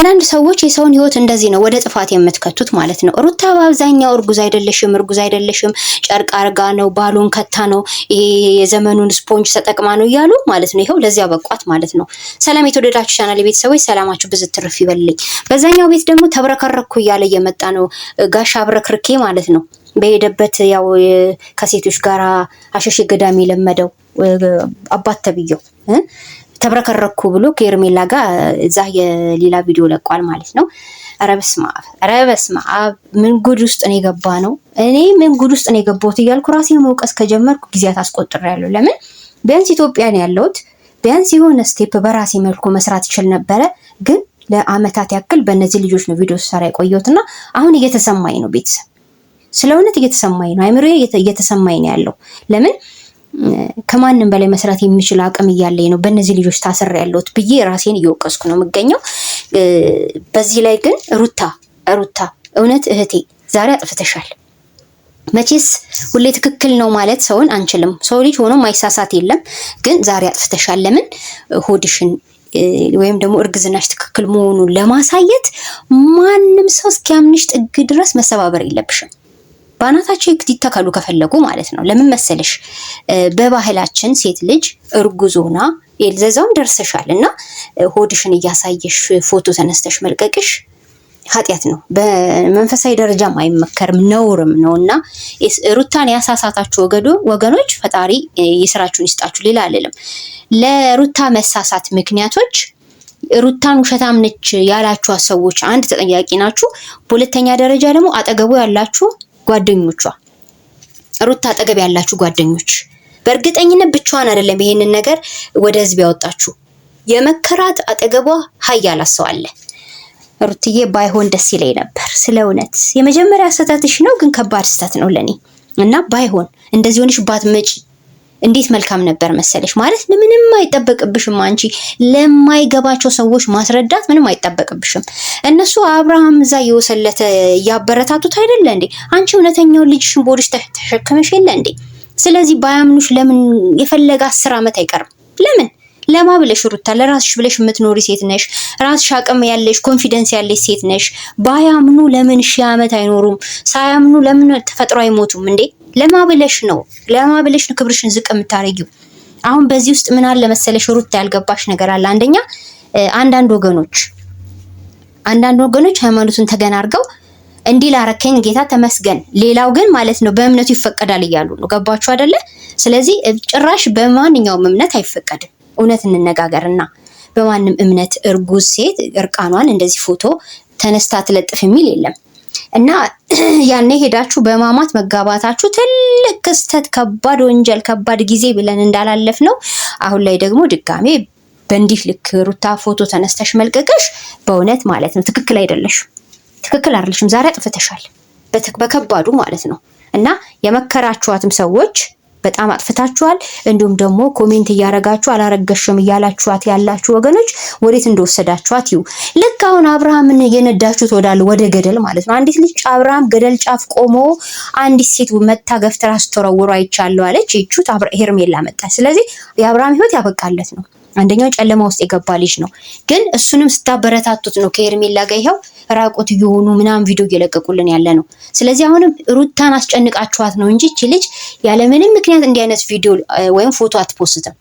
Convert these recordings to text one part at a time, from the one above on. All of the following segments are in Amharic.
አንዳንድ ሰዎች የሰውን ህይወት እንደዚህ ነው ወደ ጥፋት የምትከቱት ማለት ነው። ሩታ በአብዛኛው እርጉዝ አይደለሽም፣ እርጉዝ አይደለሽም፣ ጨርቅ አርጋ ነው፣ ባሉን ከታ ነው፣ ይሄ የዘመኑን ስፖንጅ ተጠቅማ ነው እያሉ ማለት ነው። ይኸው ለዚያ በቋት ማለት ነው። ሰላም የተወደዳችሁ ቻናል ቤተሰቦች ሰላማችሁ ብዙ ትርፍ ይበልልኝ። በዛኛው ቤት ደግሞ ተብረከረኩ እያለ እየመጣ ነው ጋሻ አብረክርኬ ማለት ነው። በሄደበት ያው ከሴቶች ጋር አሸሼ ገዳሚ የለመደው አባት ተብየው ተብረከረኩ ብሎ ከኤርሜላ ጋር እዛ የሌላ ቪዲዮ ለቋል ማለት ነው። ኧረ በስመ አብ ኧረ በስመ አብ ምን ጉድ ውስጥ ነው የገባ ነው። እኔ ምን ጉድ ውስጥ ነው የገባሁት እያልኩ ራሴ መውቀስ ከጀመርኩ ጊዜያት አስቆጥሬያለሁ። ለምን ቢያንስ ኢትዮጵያን ያለውት? ያለሁት፣ ቢያንስ የሆነ ስቴፕ በራሴ መልኩ መስራት ይችል ነበረ። ግን ለአመታት ያክል በእነዚህ ልጆች ነው ቪዲዮ ስሰራ የቆየሁት እና አሁን እየተሰማኝ ነው ቤተሰብ ስለ እውነት እየተሰማኝ ነው። አይምሮ እየተሰማኝ ነው ያለው ለምን ከማንም በላይ መስራት የሚችል አቅም እያለኝ ነው በእነዚህ ልጆች ታስር ያለሁት ብዬ ራሴን እየወቀስኩ ነው የምገኘው። በዚህ ላይ ግን ሩታ ሩታ እውነት እህቴ ዛሬ አጥፍተሻል። መቼስ ሁሌ ትክክል ነው ማለት ሰውን አንችልም። ሰው ልጅ ሆኖ ማይሳሳት የለም። ግን ዛሬ አጥፍተሻል። ለምን ሆድሽን ወይም ደግሞ እርግዝናሽ ትክክል መሆኑን ለማሳየት ማንም ሰው እስኪያምንሽ ጥግ ድረስ መሰባበር የለብሽም። በአናታቸው ይተከሉ ከፈለጉ ማለት ነው። ለምን መሰለሽ በባህላችን ሴት ልጅ እርጉዞና የልዘዛውን ደርሰሻል እና ሆድሽን እያሳየሽ ፎቶ ተነስተሽ መልቀቅሽ ኃጢአት ነው። በመንፈሳዊ ደረጃም አይመከርም ነውርም ነው እና ሩታን ያሳሳታችሁ ወገኖች ፈጣሪ የስራችሁን ይስጣችሁ። ሌላ አልልም። ለሩታ መሳሳት ምክንያቶች ሩታን ውሸታም ነች ያላችኋት ሰዎች አንድ ተጠያቂ ናችሁ። በሁለተኛ ደረጃ ደግሞ አጠገቡ ያላችሁ ጓደኞቿ፣ ሩታ አጠገብ ያላችሁ ጓደኞች፣ በእርግጠኝነት ብቻዋን አይደለም ይህንን ነገር ወደ ህዝብ ያወጣችሁ። የመከራት አጠገቧ ሀያል ሰው አለ። ሩትዬ ባይሆን ደስ ይለኝ ነበር ስለ እውነት የመጀመሪያ ስህተትሽ ነው፣ ግን ከባድ ስህተት ነው ለኔ እና ባይሆን እንደዚህ ሆንሽ ባትመጪ እንዴት መልካም ነበር መሰለሽ። ማለት ምንም አይጠበቅብሽም አንቺ ለማይገባቸው ሰዎች ማስረዳት ምንም አይጠበቅብሽም። እነሱ አብርሃም እዛ የወሰለተ እያበረታቱት አይደለ እንዴ? አንቺ እውነተኛውን ልጅሽን ቦድሽ ተሸክመሽ የለ እንዴ? ስለዚህ ባያምኑሽ ለምን የፈለገ አስር ዓመት አይቀርም። ለምን ለማ ብለሽ ሩታ፣ ለራስሽ ብለሽ የምትኖሪ ሴት ነሽ። ራስሽ አቅም ያለሽ ኮንፊደንስ ያለሽ ሴት ነሽ። ባያምኑ ለምን ሺህ ዓመት አይኖሩም? ሳያምኑ ለምን ተፈጥሮ አይሞቱም እንዴ? ለማብለሽ ነው ለማብለሽ ነው ክብርሽን ዝቅ የምታረጊው። አሁን በዚህ ውስጥ ምን አለ መሰለሽ ሩታ ያልገባሽ ነገር አለ። አንደኛ አንዳንድ ወገኖች አንዳንድ ወገኖች ሃይማኖቱን ተገናርገው አድርገው እንዲህ ላረከኝ ጌታ ተመስገን፣ ሌላው ግን ማለት ነው በእምነቱ ይፈቀዳል እያሉ ነው። ገባችሁ አይደለ? ስለዚህ ጭራሽ በማንኛውም እምነት አይፈቀድም። እውነት እንነጋገርና በማንም እምነት እርጉዝ ሴት እርቃኗን እንደዚህ ፎቶ ተነስታ ትለጥፍ የሚል የለም። እና ያኔ ሄዳችሁ በማማት መጋባታችሁ ትልቅ ክስተት፣ ከባድ ወንጀል፣ ከባድ ጊዜ ብለን እንዳላለፍ ነው። አሁን ላይ ደግሞ ድጋሜ በእንዲህ ልክ ሩታ ፎቶ ተነስተሽ መልቀቅሽ በእውነት ማለት ነው ትክክል አይደለሽም፣ ትክክል አይደለሽም። ዛሬ አጥፍተሻል በከባዱ ማለት ነው እና የመከራችኋትም ሰዎች በጣም አጥፍታችኋል። እንዲሁም ደግሞ ኮሜንት እያረጋችሁ አላረገሽም እያላችኋት ያላችሁ ወገኖች ወዴት እንደወሰዳችኋት ይሁ ልክ አሁን አብርሃምን የነዳችሁት ወዳለ ወደ ገደል ማለት ነው። አንዲት ልጅ አብርሃም ገደል ጫፍ ቆሞ አንዲት ሴት መታ ገፍትራ ስትወረውሮ አይቻለሁ አለች። ይቹት ሄርሜላ መጣች። ስለዚህ የአብርሃም ህይወት ያበቃለት ነው። አንደኛው ጨለማ ውስጥ የገባ ልጅ ነው። ግን እሱንም ስታበረታቱት ነው ከሄርሜላ ጋር ይኸው ራቁት እየሆኑ ምናምን ቪዲዮ እየለቀቁልን ያለ ነው። ስለዚህ አሁንም ሩታን አስጨንቃችኋት ነው እንጂ ይቺ ልጅ ያለምንም ምክንያት እንዲህ አይነት ቪዲዮ ወይም ፎቶ አትፖስትም።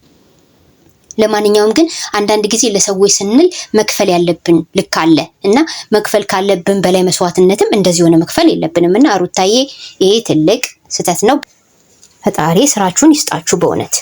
ለማንኛውም ግን አንዳንድ ጊዜ ለሰዎች ስንል መክፈል ያለብን ልክ አለ እና መክፈል ካለብን በላይ መስዋዕትነትም እንደዚህ ሆነ መክፈል የለብንም እና ሩታዬ፣ ይሄ ትልቅ ስህተት ነው። ፈጣሪ ስራችሁን ይስጣችሁ በእውነት